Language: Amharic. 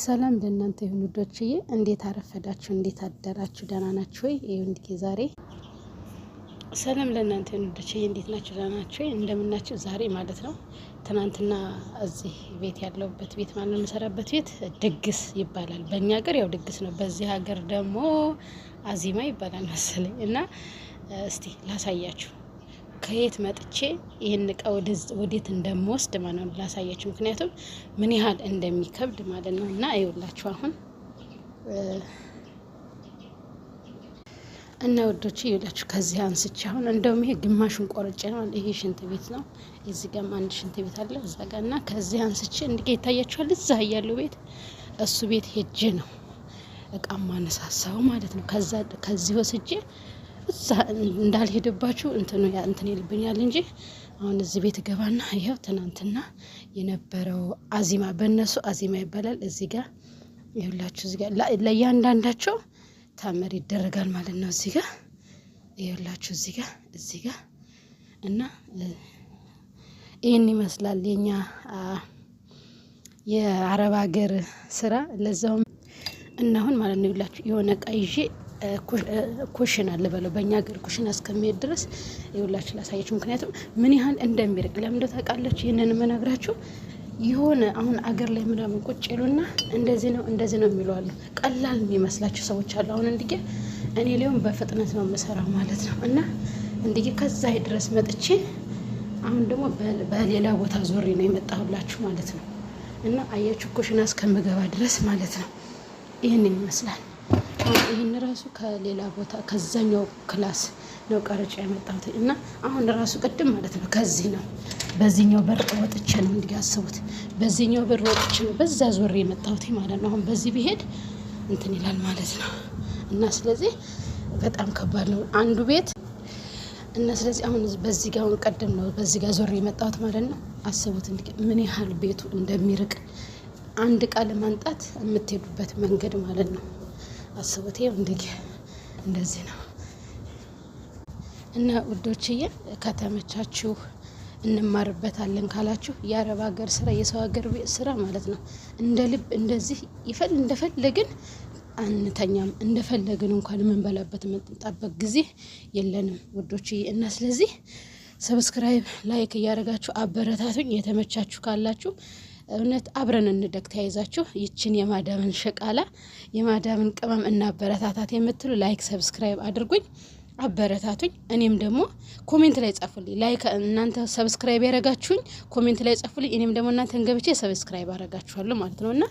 ሰላም ለእናንተ ይሁን ውዶችዬ፣ እንዴት አረፈዳችሁ? እንዴት አደራችሁ? ደህና ናችሁ ወይ? ይሁን እንግዲህ ዛሬ ሰላም ለእናንተ ይሁን ውዶችዬ፣ እንዴት ናችሁ? ደህና ናችሁ ወይ? እንደምናችሁ ዛሬ ማለት ነው ትናንትና እዚህ ቤት ያለውበት ቤት ማለት ነው የምሰራበት ቤት ድግስ ይባላል። በእኛ ሀገር ያው ድግስ ነው፣ በዚህ ሀገር ደግሞ አዚማ ይባላል መሰለኝ እና እስቲ ላሳያችሁ ከየት መጥቼ ይህን እቃ ወዴት እንደምወስድ ማለት ነው ላሳያችሁ። ምክንያቱም ምን ያህል እንደሚከብድ ማለት ነው። እና ይኸውላችሁ አሁን እና ወዶች ይኸውላችሁ ከዚህ አንስቼ አሁን እንደውም ይሄ ግማሹን ቆርጬ ነው። ይሄ ሽንት ቤት ነው። እዚህ ጋም አንድ ሽንት ቤት አለ እዛ ጋር እና ከዚህ አንስቼ እንዲህ ይታያችኋል። እዛ ያለው ቤት እሱ ቤት ሄጄ ነው እቃ ማነሳሳው ማለት ነው። ከዚህ ወስጄ እዛ እንዳልሄደባችሁ እንትኑ እንትን ይልብኛል እንጂ አሁን እዚህ ቤት ገባና ይኸው ትናንትና የነበረው አዚማ በእነሱ አዚማ ይባላል። እዚህ ጋር ይኸውላችሁ፣ እዚህ ጋር ለእያንዳንዳቸው ታምር ይደረጋል ማለት ነው። እዚህ ጋር ይኸውላችሁ፣ እዚህ ጋር እዚህ ጋር እና ይህን ይመስላል የኛ የአረብ ሀገር ስራ ለዛውም እና አሁን ማለት ነው ይኸውላችሁ የሆነ እቃ ይዤ ኩሽና ልበለው በእኛ ሀገር ኩሽና እስከሚሄድ ድረስ የሁላችን ላሳያችሁ። ምክንያቱም ምን ያህል እንደሚርቅ ለምን ታውቃላችሁ? ይህንን የምነግራችሁ የሆነ አሁን አገር ላይ ምናምን ቁጭ ይሉና እንደዚህ ነው እንደዚህ ነው የሚለዋሉ። ቀላል የሚመስላቸው ሰዎች አሉ። አሁን እንዲ እኔ ሊሆን በፍጥነት ነው የምሰራው ማለት ነው እና እንዲ ከዛ ድረስ መጥቼ አሁን ደግሞ በሌላ ቦታ ዞሬ ነው የመጣሁላችሁ ማለት ነው እና አያችሁ ኩሽና እስከምገባ ድረስ ማለት ነው ይህን ይመስላል። ይህን ራሱ ከሌላ ቦታ ከዛኛው ክላስ ነው ቀረጫ ያመጣሁት እና አሁን ራሱ ቅድም ማለት ነው ከዚህ ነው በዚህኛው በር ወጥቼ ነው እንግዲህ አስቡት። በዚህኛው በር ወጥቼ ነው በዛ ዞር የመጣሁት ማለት ነው። አሁን በዚህ ብሄድ እንትን ይላል ማለት ነው እና ስለዚህ በጣም ከባድ ነው አንዱ ቤት እና ስለዚህ አሁን በዚህ ጋር አሁን ቀደም ነው በዚህ ጋር ዞር የመጣሁት ማለት ነው። አስቡት ምን ያህል ቤቱ እንደሚርቅ አንድ ዕቃ ለማንጣት የምትሄዱበት መንገድ ማለት ነው። አስቡት። ይኸው እንደዚህ ነው እና ውዶችዬ ከተመቻችሁ እንማርበታለን ካላችሁ የአረብ ሀገር ስራ የሰው ሀገር ስራ ማለት ነው። እንደ ልብ እንደዚህ ይፈል እንደፈለግን አንተኛም እንደፈለግን እንኳን የምንበላበት የምንጠጣበት ጊዜ የለንም ውዶችዬ። እና ስለዚህ ሰብስክራይብ ላይክ እያደረጋችሁ አበረታቱኝ። የተመቻችሁ ካላችሁ እውነት አብረን እንደግ ተያይዛችሁ ይችን የማዳምን ሸቃላ የማዳምን ቅመም እናበረታታት የምትሉ ላይክ ሰብስክራይብ አድርጉኝ አበረታቱኝ። እኔም ደግሞ ኮሜንት ላይ ጻፉልኝ። ላይክ እናንተ ሰብስክራይብ ያረጋችሁኝ ኮሜንት ላይ ጻፉልኝ። እኔም ደግሞ እናንተን ገብቼ ሰብስክራይብ አረጋችኋለሁ ማለት ነውና